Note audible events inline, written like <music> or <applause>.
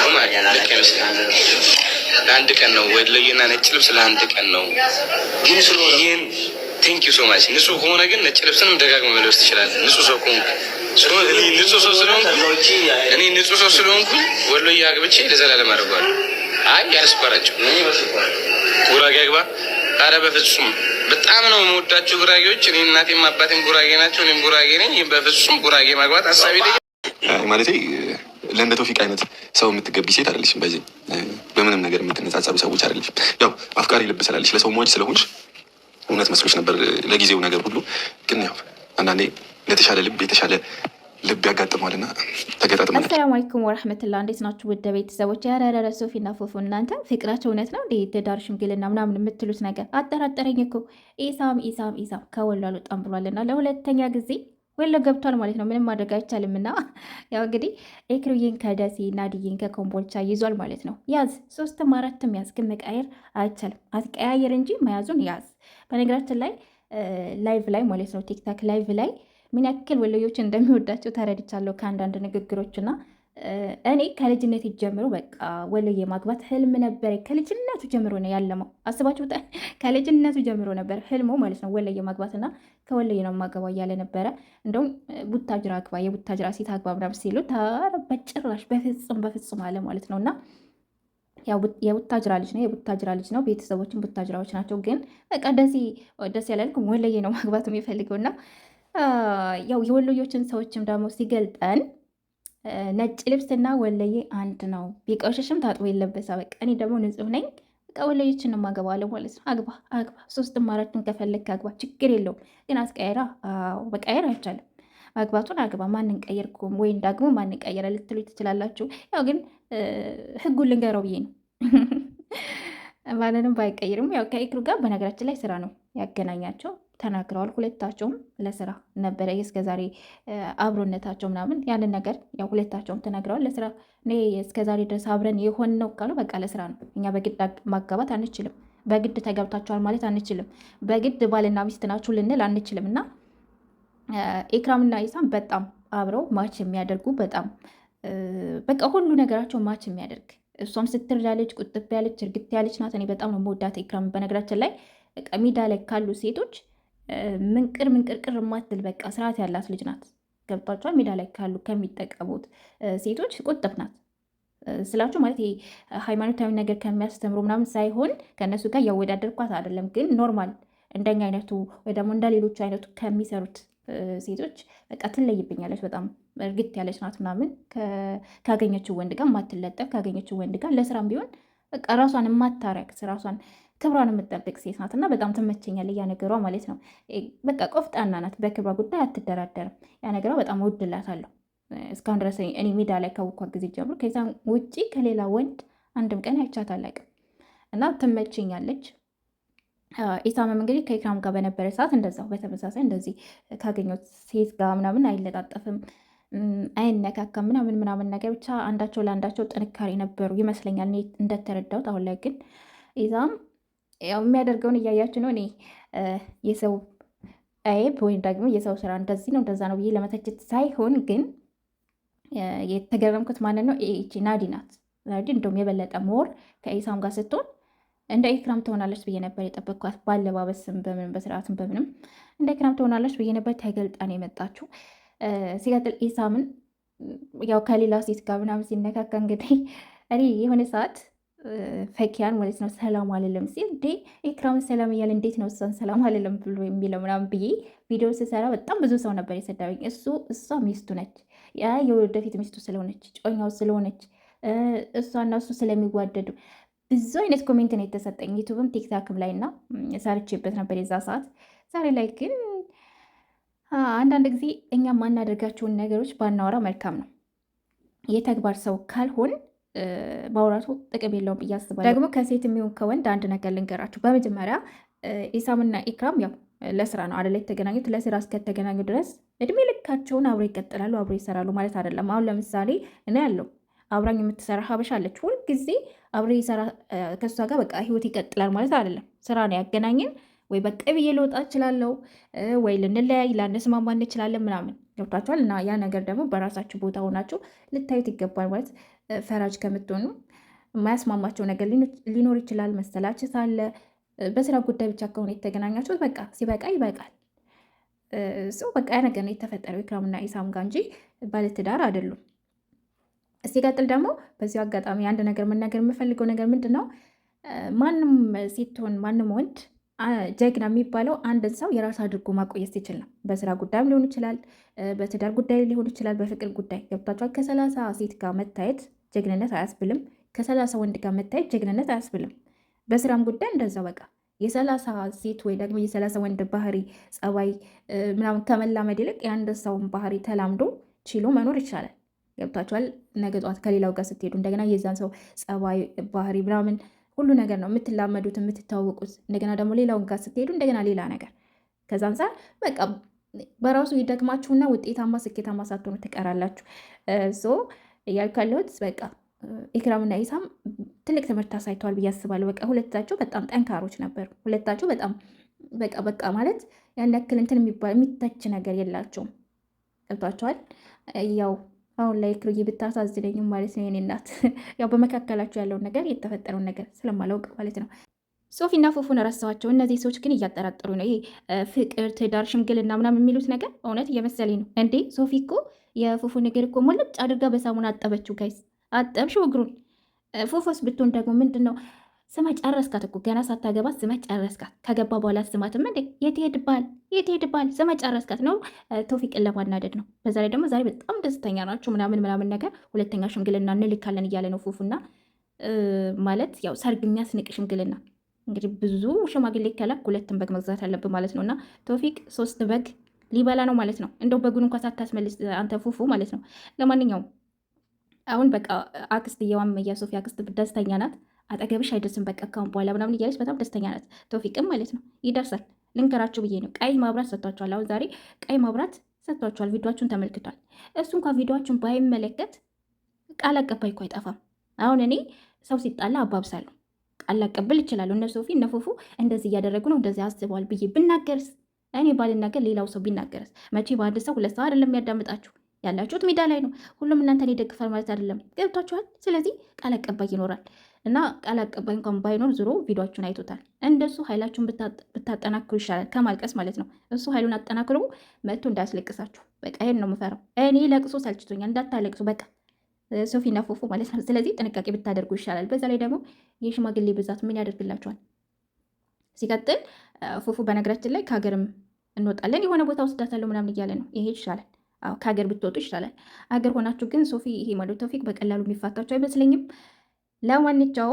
ነው ማለት ለአንድ ቀን ነው ወሎዬና ነጭ ልብስ ለአንድ ቀን ነው። ይህን ቴንክ ዩ ሶ ማች። ንጹህ ከሆነ ግን ነጭ ልብስንም ደጋግመህ መልበስ ትችላለህ። ንጹህ ሰው ከሆንኩ ንጹህ ሰው ስለሆንኩ እኔ ንጹህ ሰው ስለሆንኩ ወሎዬ አግብቼ ለዘላለም አድርጓለሁ። አይ ያልስባራቸው ጉራጌ አግባ። ኧረ በፍጹም በጣም ነው የምወዳቸው ጉራጌዎች። እኔ እናቴም አባቴም ጉራጌ ናቸው፣ እኔም ጉራጌ ነኝ። በፍጹም ጉራጌ ማግባት ሀሳቤ ማለት ለእንደ ቶፊቅ አይነት ሰው የምትገቢ ሴት አይደለችም። በዚህ በምንም ነገር የምትነጻጸሩ ሰዎች አይደለችም። ያው አፍቃሪ ልብ ስላለች ለሰው ሟች ስለሆንሽ እውነት መስሎች ነበር ለጊዜው ነገር ሁሉ። ግን ያው አንዳንዴ ለተሻለ ልብ የተሻለ ልብ ያጋጥመዋልና ተገጣጥመ። አሰላሙ አለይኩም ወረህመቱላ እንዴት ናችሁ ውድ ቤተሰቦች? ያረረረ ሶፊና ፉፉ እናንተ ፍቅራቸው እውነት ነው እንዴ? የትዳር ሽምግልና ምናምን የምትሉት ነገር አጠራጠረኝ እኮ ኢሳም ኢሳም ኢሳም ከወላሉ ጣም ብሏልና ለሁለተኛ ጊዜ ወሎ ገብቷል ማለት ነው። ምንም ማድረግ አይቻልም። እና ያው እንግዲህ ኤክሩዬን ከደሴ ናድዬን ከኮምቦልቻ ይዟል ማለት ነው። ያዝ ሶስትም አራትም ያዝ፣ ግን መቃየር አይቻልም። አትቀያየር እንጂ መያዙን ያዝ። በነገራችን ላይ ላይቭ ላይ ማለት ነው ቲክታክ ላይቭ ላይ ምን ያክል ወሎዮች እንደሚወዳቸው ተረድቻለሁ ከአንዳንድ ንግግሮችና እኔ ከልጅነት ጀምሮ በቃ ወሎዬ ማግባት ህልም ነበር። ከልጅነቱ ጀምሮ ነው ያለመው። አስባችሁ <laughs> ከልጅነቱ ጀምሮ ነበር ህልሙ ማለት ነው ወሎዬ ማግባትና ከወሎዬ ነው ማገባው እያለ ነበረ። እንደውም ቡታጅራ አግባ፣ የቡታጅራ ሴት አግባ ምናምን ሲሉ በጭራሽ በፍጹም በፍጹም አለ ማለት ነው እና የቡታጅራ ልጅ ነው የቡታጅራ ልጅ ነው። ቤተሰቦችን ቡታጅራዎች ናቸው። ግን በቃ ደዚህ ደስ ያላልኩም ወሎዬ ነው ማግባት የሚፈልገው እና ያው የወሎዮችን ሰዎችም ደግሞ ሲገልጠን ነጭ ልብስና ወለዬ አንድ ነው። ቢቆሽሽም ታጥቦ የለበሰ በቃ እኔ ደግሞ ንጹህ ነኝ። በቃ ወለየችን ማገባለሁ ማለት ነው። አግባ አግባ፣ ሶስት ማራችን ከፈለግ አግባ፣ ችግር የለውም ግን አስቀየራ መቀየር አይቻልም። ማግባቱን አግባ፣ ማንን ቀየርኩም ወይም ዳግሞ ማንን ቀየረ ልትሉ ትችላላችሁ። ያው ግን ህጉን ልንገረው ብዬ ነው። <laughs> ማንንም ባይቀይርም ያው ከኢክሩ ጋር በነገራችን ላይ ስራ ነው ያገናኛቸው። ተናግረዋል። ሁለታቸውም ለስራ ነበረ እስከዛሬ አብሮነታቸው ምናምን ያንን ነገር ያው ሁለታቸውም ተናግረዋል። ለስራ እኔ እስከዛሬ ድረስ አብረን የሆን ነው ካሉ በቃ ለስራ ነው። እኛ በግድ ማጋባት አንችልም። በግድ ተገብታችኋል ማለት አንችልም። በግድ ባልና ሚስት ናችሁ ልንል አንችልም። እና ኢክራምና ኢሳም በጣም አብረው ማች የሚያደርጉ በጣም በቃ ሁሉ ነገራቸው ማች የሚያደርግ እሷም ስትር ያለች ቁጥብ ያለች እርግት ያለች ናት። እኔ በጣም ነው መወዳት ኤክራም። በነገራችን ላይ ቀሚዳ ላይ ካሉ ሴቶች ምንቅር ምንቅርቅር የማትል በቃ ስርዓት ያላት ልጅ ናት። ገብቷቸዋል። ሜዳ ላይ ካሉ ከሚጠቀሙት ሴቶች ቁጥብ ናት ስላችሁ ማለት ሃይማኖታዊ ነገር ከሚያስተምሩ ምናምን ሳይሆን ከእነሱ ጋር እያወዳደርኳት አይደለም፣ ግን ኖርማል እንደኛ አይነቱ ወይ ደግሞ እንደ ሌሎቹ አይነቱ ከሚሰሩት ሴቶች በቃ ትለይብኛለች። በጣም እርግጥ ያለች ናት ምናምን። ካገኘችው ወንድ ጋር ማትለጠፍ፣ ካገኘችው ወንድ ጋር ለስራም ቢሆን በቃ ራሷን የማታረቅስ ራሷን ክብሯን የምጠብቅ ሴት ናት እና በጣም ትመቸኛል ያ ነገሯ ማለት ነው። በቃ ቆፍጣና ናት፣ በክብሯ ጉዳይ አትደራደርም። ያ ነገሯ በጣም እወድላታለሁ። እስካሁን ድረስ እኔ ሜዳ ላይ ካወኳ ጊዜ ጀምሮ ከዛ ውጪ ከሌላ ወንድ አንድም ቀን አይቻት አላውቅም እና ትመቸኛለች። ኢሳምም እንግዲህ ከኢክራም ጋር በነበረ ሰዓት እንደዛው በተመሳሳይ እንደዚህ ካገኘት ሴት ጋር ምናምን አይለጣጠፍም። አይነካካ ምናምን ምናምን ነገር ብቻ አንዳቸው ለአንዳቸው ጥንካሬ ነበሩ ይመስለኛል እንደተረዳሁት። አሁን ላይ ግን ኢዛም ያው የሚያደርገውን እያያችሁ ነው። እኔ የሰው አይብ ወይም ደግሞ የሰው ስራ እንደዚህ ነው እንደዛ ነው ብዬ ለመተችት ሳይሆን ግን የተገረምኩት ማንን ነው? ይቺ ናዲ ናት። ናዲ እንደውም የበለጠ ሞር ከኢሳም ጋር ስትሆን እንደ ኢክራም ትሆናለች ብዬ ነበር የጠበቅኳት። ባለባበስም በምንም በስርዓትም በምንም እንደ ኢክራም ትሆናለች ብዬ ነበር። ተገልጣን የመጣችው። ሲቀጥል ኢሳምን ያው ከሌላ ሴት ጋር ምናምን ሲነካካ እንግዲህ <laughs> እኔ የሆነ ሰዓት ፈኪያን ማለት ነው ሰላም አልልም ሲል እንዴ ኤክራምን ሰላም እያለ እንዴት ነው እሷን ሰላም አልልም ብሎ የሚለው ምናምን ብዬ ቪዲዮ ስሰራ በጣም ብዙ ሰው ነበር የሰዳበኝ። እሱ እሷ ሚስቱ ነች፣ ያ የወደፊት ሚስቱ ስለሆነች ጮኛው ስለሆነች እሷና እሱ ስለሚዋደዱ ብዙ አይነት ኮሜንት ነው የተሰጠኝ ዩቱብም ቲክታክም ላይ እና ሰርቼበት ነበር የዛ ሰዓት። ዛሬ ላይ ግን አንዳንድ ጊዜ እኛ የማናደርጋቸውን ነገሮች ባናወራ መልካም ነው። የተግባር ሰው ካልሆን ማውራቱ ጥቅም የለውም ብዬ አስባለሁ። ደግሞ ከሴት የሚሆን ከወንድ አንድ ነገር ልንገራችሁ። በመጀመሪያ ኢሳምና ኢክራም ያው ለስራ ነው አደላ የተገናኙት። ለስራ እስከተገናኙ ድረስ እድሜ ልካቸውን አብሮ ይቀጥላሉ፣ አብሮ ይሰራሉ ማለት አይደለም። አሁን ለምሳሌ እኔ ያለው አብራኝ የምትሰራ ሀበሻ አለች። ሁልጊዜ አብሬ ይሰራ ከሷ ጋር በቃ ህይወት ይቀጥላል ማለት አይደለም። ስራ ነው ያገናኝን ወይ በቃ ብዬ ልወጣ እችላለሁ፣ ወይ ልንለያይ ላንስማማ እንችላለን ምናምን ገብቷችኋል። እና ያ ነገር ደግሞ በራሳችሁ ቦታ ሆናችሁ ልታዩት ይገባል። ማለት ፈራጅ ከምትሆኑ የማያስማማቸው ነገር ሊኖር ይችላል፣ መሰላቸት አለ። በስራ ጉዳይ ብቻ ከሆነ የተገናኛችሁት በቃ ሲበቃ ይበቃል። ሰው በቃ ያ ነገር ነው የተፈጠረው ኢክራምና ኢሳም ጋር እንጂ ባለትዳር አይደሉም። ሲቀጥል ደግሞ በዚሁ አጋጣሚ አንድ ነገር መናገር የምፈልገው ነገር ምንድን ነው፣ ማንም ሴት ትሆን ማንም ወንድ ጀግና የሚባለው አንድን ሰው የራሱ አድርጎ ማቆየት ሲችል ነው። በስራ ጉዳይም ሊሆን ይችላል፣ በትዳር ጉዳይ ሊሆን ይችላል፣ በፍቅር ጉዳይ ገብቷቸዋል። ከሰላሳ ሴት ጋር መታየት ጀግንነት አያስብልም። ከሰላሳ ወንድ ጋር መታየት ጀግንነት አያስብልም። በስራም ጉዳይ እንደዛው በቃ የሰላሳ ሴት ወይ ደግሞ የሰላሳ ወንድ ባህሪ ጸባይ ምናምን ከመላመድ ይልቅ የአንድ ሰውን ባህሪ ተላምዶ ችሎ መኖር ይቻላል። ገብቷቸዋል። ነገ ጠዋት ከሌላው ጋር ስትሄዱ እንደገና የዛን ሰው ጸባይ ባህሪ ምናምን ሁሉ ነገር ነው የምትላመዱት የምትታወቁት እንደገና ደግሞ ሌላውን ጋር ስትሄዱ እንደገና ሌላ ነገር ከዛ አንፃር በቃ በራሱ ይደግማችሁና ውጤታማ ስኬታማ ሳትሆኑ ትቀራላችሁ። ሶ እያልኩ ያለሁት በቃ ኢክራምና ኢሳም ትልቅ ትምህርት አሳይተዋል ብዬ አስባለሁ። በቃ ሁለታቸው በጣም ጠንካሮች ነበሩ። ሁለታቸው በጣም በቃ በቃ ማለት ያን ያክል እንትን የሚባል የሚተች ነገር የላቸውም። ገብቷቸዋል ያው አሁን ላይ ክሩዬ ብታሳዝነኝም ማለት ነው። የኔ እናት <laughs> ያው በመካከላቸው ያለውን ነገር የተፈጠረውን ነገር ስለማላውቅ ማለት ነው። ሶፊና ፉፉን ረሳኋቸው። እነዚህ ሰዎች ግን እያጠራጠሩ ነው። ይሄ ፍቅር፣ ትዳር፣ ሽምግልና ምናምን የሚሉት ነገር እውነት እየመሰለኝ ነው። እንዴ ሶፊ እኮ የፉፉን እግር እኮ ሞለጭ አድርጋ በሳሙና አጠበችው። ጋይስ አጠብሽው እግሩን። ፉፉስ ብትሆን ደግሞ ምንድን ነው ስማ ጨረስካት እኮ ገና ሳታገባት ስማ ጨረስካት። ከገባ በኋላ ስማትም እንዴ የትሄድ ባል የትሄድ ባል ስማ ጨረስካት ነው። ቶፊቅን ለማናደድ ነው። በዛ ላይ ደግሞ ዛሬ በጣም ደስተኛ ናቸው ምናምን ምናምን ነገር ሁለተኛ ሽምግልና እንልካለን እያለ ነው ፉፉና ማለት ያው ሰርግ የሚያስንቅ ሽምግልና እንግዲህ ብዙ ሽማግሌ ከላክ ሁለትን በግ መግዛት አለብን ማለት ነው። እና ቶፊቅ ሶስት በግ ሊበላ ነው ማለት ነው። እንደው በጉን እንኳ ሳታስመልስ አንተ ፉፉ ማለት ነው። ለማንኛውም አሁን በቃ አክስትየዋም የሶፊ አክስት ደስተኛ ናት። አጠገብሽ አይደርስም በቃ ካሁን በኋላ ምናምን እያለች በጣም ደስተኛ ናት። ተውፊቅም ማለት ነው ይደርሳል። ልንገራችሁ ብዬ ነው። ቀይ መብራት ሰጥቷቸዋል። አሁን ዛሬ ቀይ መብራት ሰጥቷቸዋል። ቪዲዮችሁን ተመልክቷል። እሱ እንኳ ቪዲዮችሁን ባይመለከት ቃል አቀባይ እኮ አይጠፋም። አሁን እኔ ሰው ሲጣላ አባብሳለሁ፣ ቃል አቀብል ይችላሉ። እነ ሶፊ እነ ፉፉ እንደዚህ እያደረጉ ነው፣ እንደዚህ አስበዋል ብዬ ብናገርስ፣ እኔ ባልናገር ሌላው ሰው ቢናገርስ? መቼ በአንድ ሰው ሁለት ሰው አይደለም የሚያዳምጣችሁ ያላችሁት ሜዳ ላይ ነው። ሁሉም እናንተን ይደግፋል ማለት አይደለም። ገብቷችኋል? ስለዚህ ቃል አቀባይ ይኖራል። እና ቃል አቀባይ እንኳን ባይኖር ዞሮ ቪዲዮችሁን አይቶታል። እንደሱ ኃይላችሁን ብታጠናክሩ ይሻላል፣ ከማልቀስ ማለት ነው። እሱ ኃይሉን አጠናክሮ መጥቶ እንዳያስለቅሳችሁ። በቃ ይሄን ነው የምፈራው እኔ። ለቅሶ ሰልችቶኛል፣ እንዳታለቅሱ በቃ ሶፊና ፎፎ ማለት ነው። ስለዚህ ጥንቃቄ ብታደርጉ ይሻላል። በዛ ላይ ደግሞ የሽማግሌ ብዛት ምን ያደርግላቸዋል? ሲቀጥል ፎፎ በነገራችን ላይ ከሀገርም እንወጣለን የሆነ ቦታ ወስዳታለሁ ምናምን እያለ ነው። ይሄ ይሻላል ከሀገር ብትወጡ ይሻላል። አገር ሆናችሁ ግን ሶፊ ይሄ ማለት ቶፊቅ በቀላሉ የሚፋታቸው አይመስለኝም። ለማንኛውም